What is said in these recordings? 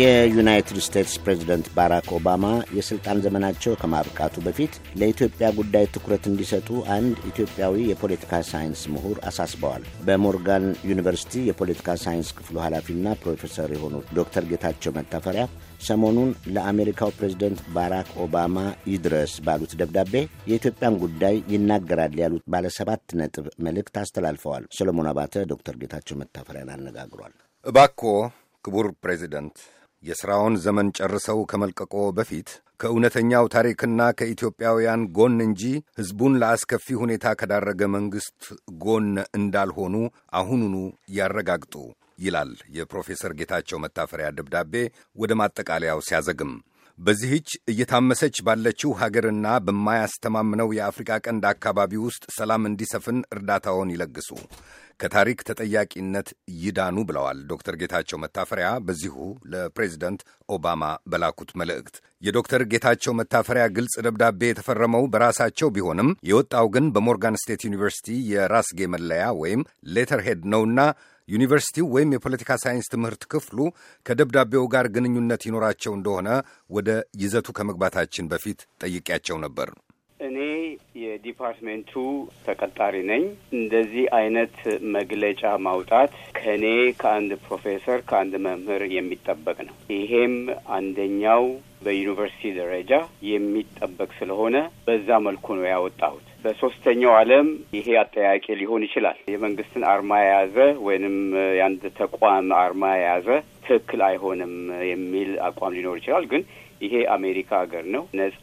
የዩናይትድ ስቴትስ ፕሬዝደንት ባራክ ኦባማ የሥልጣን ዘመናቸው ከማብቃቱ በፊት ለኢትዮጵያ ጉዳይ ትኩረት እንዲሰጡ አንድ ኢትዮጵያዊ የፖለቲካ ሳይንስ ምሁር አሳስበዋል። በሞርጋን ዩኒቨርሲቲ የፖለቲካ ሳይንስ ክፍሉ ኃላፊና ፕሮፌሰር የሆኑት ዶክተር ጌታቸው መታፈሪያ ሰሞኑን ለአሜሪካው ፕሬዝደንት ባራክ ኦባማ ይድረስ ባሉት ደብዳቤ የኢትዮጵያን ጉዳይ ይናገራል ያሉት ባለ ሰባት ነጥብ መልእክት አስተላልፈዋል። ሰሎሞን አባተ ዶክተር ጌታቸው መታፈሪያን አነጋግሯል። እባክዎ ክቡር ፕሬዚደንት የሥራውን ዘመን ጨርሰው ከመልቀቆ በፊት ከእውነተኛው ታሪክና ከኢትዮጵያውያን ጎን እንጂ ሕዝቡን ለአስከፊ ሁኔታ ከዳረገ መንግሥት ጎን እንዳልሆኑ አሁኑኑ ያረጋግጡ ይላል የፕሮፌሰር ጌታቸው መታፈሪያ ደብዳቤ ወደ ማጠቃለያው ሲያዘግም። በዚህች እየታመሰች ባለችው ሀገርና በማያስተማምነው የአፍሪቃ ቀንድ አካባቢ ውስጥ ሰላም እንዲሰፍን እርዳታውን ይለግሱ፣ ከታሪክ ተጠያቂነት ይዳኑ ብለዋል ዶክተር ጌታቸው መታፈሪያ በዚሁ ለፕሬዚደንት ኦባማ በላኩት መልእክት። የዶክተር ጌታቸው መታፈሪያ ግልጽ ደብዳቤ የተፈረመው በራሳቸው ቢሆንም የወጣው ግን በሞርጋን ስቴት ዩኒቨርሲቲ የራስጌ መለያ ወይም ሌተርሄድ ነውና ዩኒቨርሲቲው ወይም የፖለቲካ ሳይንስ ትምህርት ክፍሉ ከደብዳቤው ጋር ግንኙነት ይኖራቸው እንደሆነ ወደ ይዘቱ ከመግባታችን በፊት ጠይቄያቸው ነበር። እኔ የዲፓርትሜንቱ ተቀጣሪ ነኝ። እንደዚህ አይነት መግለጫ ማውጣት ከእኔ ከአንድ ፕሮፌሰር ከአንድ መምህር የሚጠበቅ ነው። ይሄም አንደኛው በዩኒቨርሲቲ ደረጃ የሚጠበቅ ስለሆነ በዛ መልኩ ነው ያወጣሁት። በሶስተኛው ዓለም ይሄ አጠያቂ ሊሆን ይችላል። የመንግስትን አርማ የያዘ ወይንም የአንድ ተቋም አርማ የያዘ ትክክል አይሆንም የሚል አቋም ሊኖር ይችላል። ግን ይሄ አሜሪካ ሀገር ነው፣ ነጻ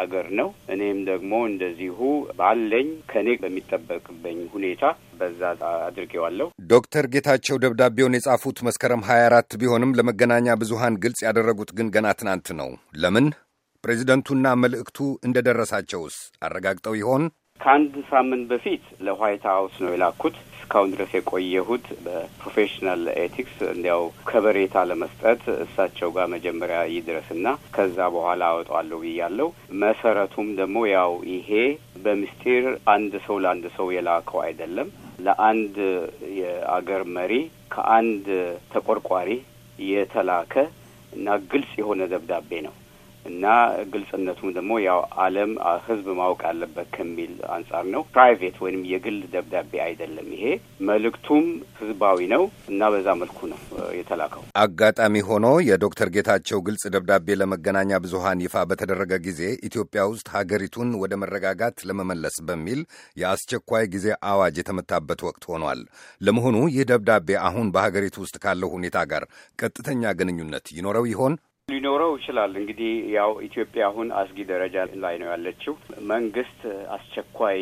አገር ነው። እኔም ደግሞ እንደዚሁ ባለኝ ከኔ በሚጠበቅበኝ ሁኔታ በዛ አድርጌዋለሁ። ዶክተር ጌታቸው ደብዳቤውን የጻፉት መስከረም ሀያ አራት ቢሆንም ለመገናኛ ብዙሀን ግልጽ ያደረጉት ግን ገና ትናንት ነው። ለምን ፕሬዚደንቱና መልእክቱ እንደደረሳቸውስ አረጋግጠው ይሆን? ከአንድ ሳምንት በፊት ለዋይት ሀውስ ነው የላኩት። እስካሁን ድረስ የቆየሁት በፕሮፌሽናል ኤቲክስ እንዲያው ከበሬታ ለመስጠት እሳቸው ጋር መጀመሪያ ይድረስና ከዛ በኋላ አወጣዋለሁ ብያለሁ። መሰረቱም ደግሞ ያው ይሄ በምስጢር አንድ ሰው ለአንድ ሰው የላከው አይደለም። ለአንድ የአገር መሪ ከአንድ ተቆርቋሪ የተላከ እና ግልጽ የሆነ ደብዳቤ ነው። እና ግልጽነቱም ደግሞ ያው ዓለም ህዝብ ማወቅ አለበት ከሚል አንጻር ነው። ፕራይቬት ወይም የግል ደብዳቤ አይደለም ይሄ። መልእክቱም ህዝባዊ ነው እና በዛ መልኩ ነው የተላከው። አጋጣሚ ሆኖ የዶክተር ጌታቸው ግልጽ ደብዳቤ ለመገናኛ ብዙሃን ይፋ በተደረገ ጊዜ ኢትዮጵያ ውስጥ ሀገሪቱን ወደ መረጋጋት ለመመለስ በሚል የአስቸኳይ ጊዜ አዋጅ የተመታበት ወቅት ሆኗል። ለመሆኑ ይህ ደብዳቤ አሁን በሀገሪቱ ውስጥ ካለው ሁኔታ ጋር ቀጥተኛ ግንኙነት ይኖረው ይሆን? ሊኖረው ይችላል። እንግዲህ ያው ኢትዮጵያ አሁን አስጊ ደረጃ ላይ ነው ያለችው። መንግስት አስቸኳይ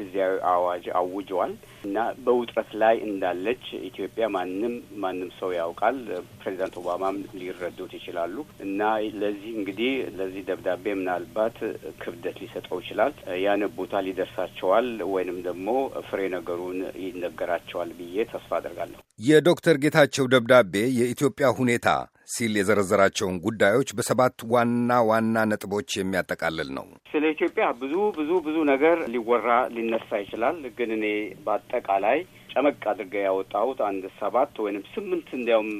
ጊዜያዊ አዋጅ አውጇል እና በውጥረት ላይ እንዳለች ኢትዮጵያ ማንም ማንም ሰው ያውቃል። ፕሬዚዳንት ኦባማም ሊረዱት ይችላሉ እና ለዚህ እንግዲህ ለዚህ ደብዳቤ ምናልባት ክብደት ሊሰጠው ይችላል። ቦታ ሊደርሳቸዋል ወይንም ደግሞ ፍሬ ነገሩን ይነገራቸዋል ብዬ ተስፋ አደርጋለሁ። የዶክተር ጌታቸው ደብዳቤ የኢትዮጵያ ሁኔታ ሲል የዘረዘራቸውን ጉዳዮች በሰባት ዋና ዋና ነጥቦች የሚያጠቃልል ነው። ስለ ኢትዮጵያ ብዙ ብዙ ብዙ ነገር ሊወራ ሊነሳ ይችላል። ግን እኔ በአጠቃላይ ጨመቅ አድርገ ያወጣሁት አንድ ሰባት ወይንም ስምንት እንዲያውም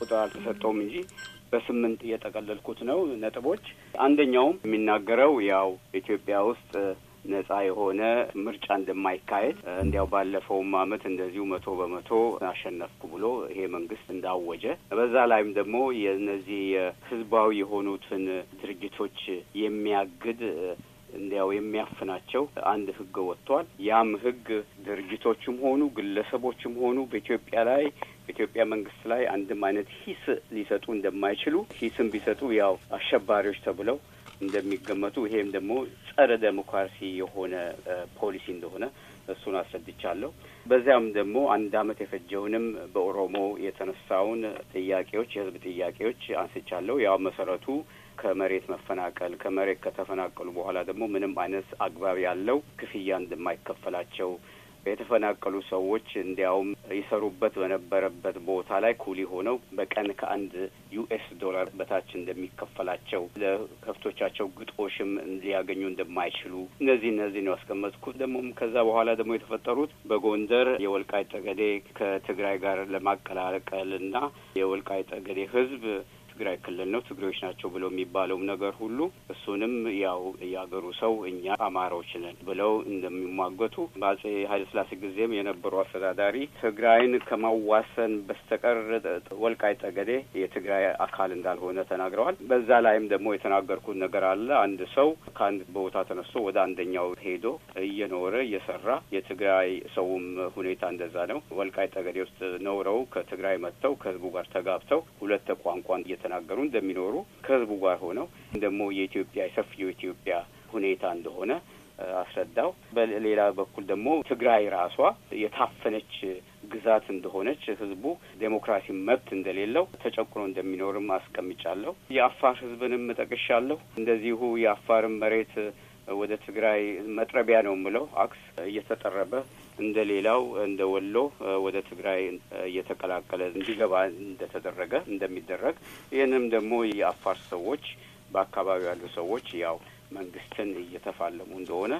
ቁጥር አልተሰጠውም እንጂ በስምንት እየጠቀለልኩት ነው ነጥቦች። አንደኛውም የሚናገረው ያው ኢትዮጵያ ውስጥ ነጻ የሆነ ምርጫ እንደማይካሄድ እንዲያው ባለፈውም አመት እንደዚሁ መቶ በመቶ አሸነፍኩ ብሎ ይሄ መንግስት እንዳወጀ በዛ ላይም ደግሞ የእነዚህ ህዝባዊ የሆኑትን ድርጅቶች የሚያግድ እንዲያው የሚያፍናቸው አንድ ህግ ወጥቷል። ያም ህግ ድርጅቶችም ሆኑ ግለሰቦችም ሆኑ በኢትዮጵያ ላይ በኢትዮጵያ መንግስት ላይ አንድም አይነት ሂስ ሊሰጡ እንደማይችሉ ሂስም ቢሰጡ ያው አሸባሪዎች ተብለው እንደሚገመቱ ይሄም ደግሞ ጸረ ዴሞክራሲ የሆነ ፖሊሲ እንደሆነ እሱን አስረድቻለሁ። በዚያም ደግሞ አንድ አመት የፈጀውንም በኦሮሞ የተነሳውን ጥያቄዎች የህዝብ ጥያቄዎች አንስቻለሁ። ያው መሰረቱ ከመሬት መፈናቀል ከመሬት ከተፈናቀሉ በኋላ ደግሞ ምንም አይነት አግባብ ያለው ክፍያ እንደማይከፈላቸው የተፈናቀሉ ሰዎች እንዲያውም ይሰሩበት በነበረበት ቦታ ላይ ኩሊ ሆነው በቀን ከአንድ ዩኤስ ዶላር በታች እንደሚከፈላቸው ለከብቶቻቸው ግጦሽም ሊያገኙ እንደማይችሉ እነዚህ እነዚህ ነው ያስቀመጥኩት። ደግሞም ከዛ በኋላ ደግሞ የተፈጠሩት በጎንደር የወልቃይ ጠገዴ ከትግራይ ጋር ለማቀላቀል እና የወልቃይ ጠገዴ ህዝብ የትግራይ ክልል ነው ትግሬዎች ናቸው ብለው የሚባለው ነገር ሁሉ እሱንም ያው ያገሩ ሰው እኛ አማራዎች ነን ብለው እንደሚሟገቱ በአጼ ኃይለስላሴ ጊዜም የነበሩ አስተዳዳሪ ትግራይን ከማዋሰን በስተቀር ወልቃይ ጠገዴ የትግራይ አካል እንዳልሆነ ተናግረዋል። በዛ ላይም ደግሞ የተናገርኩት ነገር አለ። አንድ ሰው ከአንድ ቦታ ተነስቶ ወደ አንደኛው ሄዶ እየኖረ እየሰራ የትግራይ ሰውም ሁኔታ እንደዛ ነው። ወልቃይ ጠገዴ ውስጥ ነውረው ከትግራይ መጥተው ከህዝቡ ጋር ተጋብተው ሁለት ቋንቋን እየተ እየተናገሩ እንደሚኖሩ ከህዝቡ ጋር ሆነው ደግሞ የኢትዮጵያ የሰፊው የኢትዮጵያ ሁኔታ እንደሆነ አስረዳው። በሌላ በኩል ደግሞ ትግራይ ራሷ የታፈነች ግዛት እንደሆነች ህዝቡ ዴሞክራሲ መብት እንደሌለው ተጨቁኖ እንደሚኖርም አስቀምጫለሁ። የአፋር ህዝብንም እጠቅሻለሁ። እንደዚሁ የአፋርን መሬት ወደ ትግራይ መጥረቢያ ነው የምለው አክስ እየተጠረበ እንደ ሌላው እንደ ወሎ ወደ ትግራይ እየተቀላቀለ እንዲገባ እንደተደረገ እንደሚደረግ ይህንም ደግሞ የአፋር ሰዎች በአካባቢው ያሉ ሰዎች ያው መንግስትን እየተፋለሙ እንደሆነ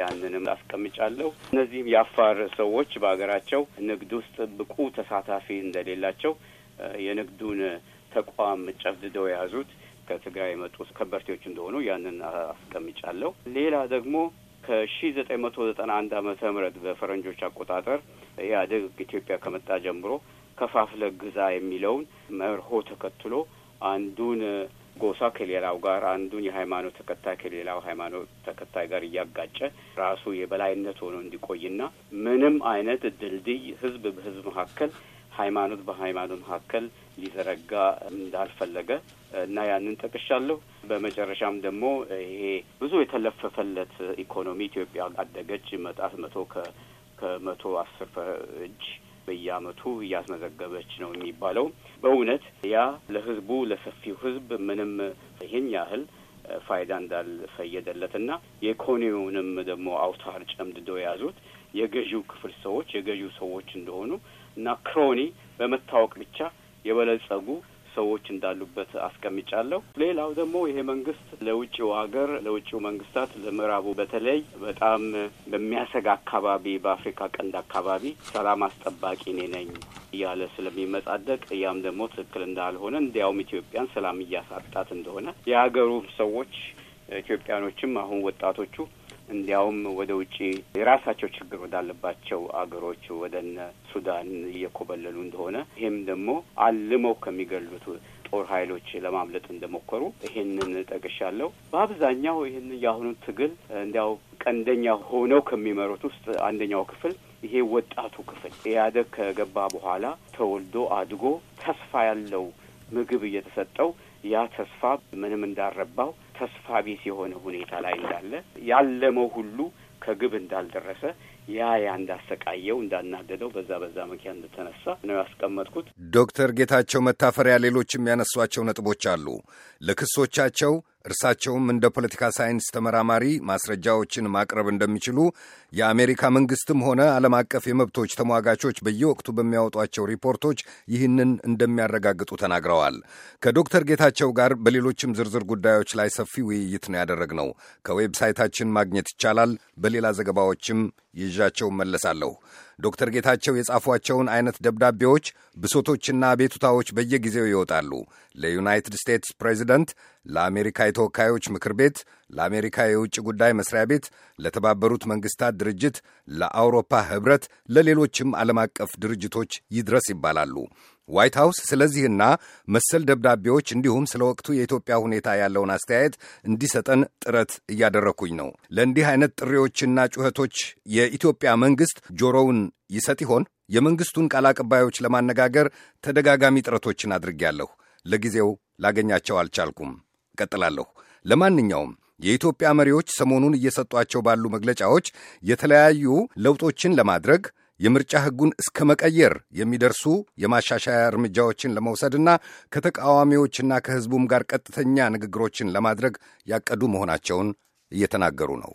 ያንንም አስቀምጫለሁ። እነዚህም የአፋር ሰዎች በሀገራቸው ንግድ ውስጥ ብቁ ተሳታፊ እንደሌላቸው የንግዱን ተቋም ጨፍድደው የያዙት ከትግራይ የመጡ ከበርቴዎች እንደሆኑ ያንን አስቀምጫለሁ። ሌላ ደግሞ ከሺ ዘጠኝ መቶ ዘጠና አንድ አመተ ምህረት በፈረንጆች አቆጣጠር ኢህአዴግ ኢትዮጵያ ከመጣ ጀምሮ ከፋፍለ ግዛ የሚለውን መርሆ ተከትሎ አንዱን ጎሳ ከሌላው ጋር አንዱን የሃይማኖት ተከታይ ከሌላው ሃይማኖት ተከታይ ጋር እያጋጨ ራሱ የበላይነት ሆኖ እንዲቆይና ምንም አይነት ድልድይ ህዝብ በህዝብ መካከል ሃይማኖት በሃይማኖት መካከል ሊዘረጋ እንዳልፈለገ እና ያንን ጠቅሻለሁ። በመጨረሻም ደግሞ ይሄ ብዙ የተለፈፈለት ኢኮኖሚ ኢትዮጵያ አደገች መጣት መቶ ከመቶ አስር እጅ በየአመቱ እያስመዘገበች ነው የሚባለው በእውነት ያ ለህዝቡ ለሰፊው ህዝብ ምንም ይህን ያህል ፋይዳ እንዳልፈየደለትና የኢኮኖሚውንም ደግሞ አውታር ጨምድዶ የያዙት የገዢው ክፍል ሰዎች የገዢው ሰዎች እንደሆኑ እና ክሮኒ በመታወቅ ብቻ የበለጸጉ ሰዎች እንዳሉበት አስቀምጫለሁ። ሌላው ደግሞ ይሄ መንግስት ለውጭው ሀገር ለውጭው መንግስታት ለምዕራቡ በተለይ በጣም በሚያሰጋ አካባቢ በአፍሪካ ቀንድ አካባቢ ሰላም አስጠባቂ እኔ ነኝ እያለ ስለሚመጻደቅ ያም ደግሞ ትክክል እንዳልሆነ እንዲያውም ኢትዮጵያን ሰላም እያሳጣት እንደሆነ የሀገሩ ሰዎች ኢትዮጵያኖችም አሁን ወጣቶቹ እንዲያውም ወደ ውጭ የራሳቸው ችግር ወዳለባቸው አገሮች ወደነ ሱዳን እየኮበለሉ እንደሆነ ይህም ደግሞ አልመው ከሚገሉት ጦር ኃይሎች ለማምለጥ እንደሞከሩ ይህንን ጠቅሻለሁ። በአብዛኛው ይህን የአሁኑ ትግል እንዲያው ቀንደኛ ሆነው ከሚመሩት ውስጥ አንደኛው ክፍል ይሄ ወጣቱ ክፍል ኢህአዴግ ከገባ በኋላ ተወልዶ አድጎ ተስፋ ያለው ምግብ እየተሰጠው ያ ተስፋ ምንም እንዳረባው ተስፋ ቢስ የሆነ ሁኔታ ላይ እንዳለ ያለመው ሁሉ ከግብ እንዳልደረሰ ያ ያ እንዳሰቃየው እንዳናደደው በዛ በዛ መኪያ እንደተነሳ ነው ያስቀመጥኩት። ዶክተር ጌታቸው መታፈሪያ ሌሎችም ያነሷቸው ነጥቦች አሉ ለክሶቻቸው እርሳቸውም እንደ ፖለቲካ ሳይንስ ተመራማሪ ማስረጃዎችን ማቅረብ እንደሚችሉ የአሜሪካ መንግስትም ሆነ ዓለም አቀፍ የመብቶች ተሟጋቾች በየወቅቱ በሚያወጧቸው ሪፖርቶች ይህንን እንደሚያረጋግጡ ተናግረዋል። ከዶክተር ጌታቸው ጋር በሌሎችም ዝርዝር ጉዳዮች ላይ ሰፊ ውይይት ነው ያደረግነው። ከዌብሳይታችን ማግኘት ይቻላል። በሌላ ዘገባዎችም ይዣቸው መለሳለሁ። ዶክተር ጌታቸው የጻፏቸውን አይነት ደብዳቤዎች፣ ብሶቶችና ቤቱታዎች በየጊዜው ይወጣሉ። ለዩናይትድ ስቴትስ ፕሬዚደንት፣ ለአሜሪካ የተወካዮች ምክር ቤት፣ ለአሜሪካ የውጭ ጉዳይ መስሪያ ቤት፣ ለተባበሩት መንግስታት ድርጅት፣ ለአውሮፓ ህብረት፣ ለሌሎችም ዓለም አቀፍ ድርጅቶች ይድረስ ይባላሉ። ዋይት ሀውስ ስለዚህና መሰል ደብዳቤዎች እንዲሁም ስለ ወቅቱ የኢትዮጵያ ሁኔታ ያለውን አስተያየት እንዲሰጠን ጥረት እያደረግኩኝ ነው። ለእንዲህ አይነት ጥሪዎችና ጩኸቶች የኢትዮጵያ መንግሥት ጆሮውን ይሰጥ ይሆን? የመንግሥቱን ቃል አቀባዮች ለማነጋገር ተደጋጋሚ ጥረቶችን አድርጌያለሁ። ለጊዜው ላገኛቸው አልቻልኩም። እቀጥላለሁ። ለማንኛውም የኢትዮጵያ መሪዎች ሰሞኑን እየሰጧቸው ባሉ መግለጫዎች የተለያዩ ለውጦችን ለማድረግ የምርጫ ሕጉን እስከ መቀየር የሚደርሱ የማሻሻያ እርምጃዎችን ለመውሰድና ከተቃዋሚዎችና ከሕዝቡም ጋር ቀጥተኛ ንግግሮችን ለማድረግ ያቀዱ መሆናቸውን እየተናገሩ ነው።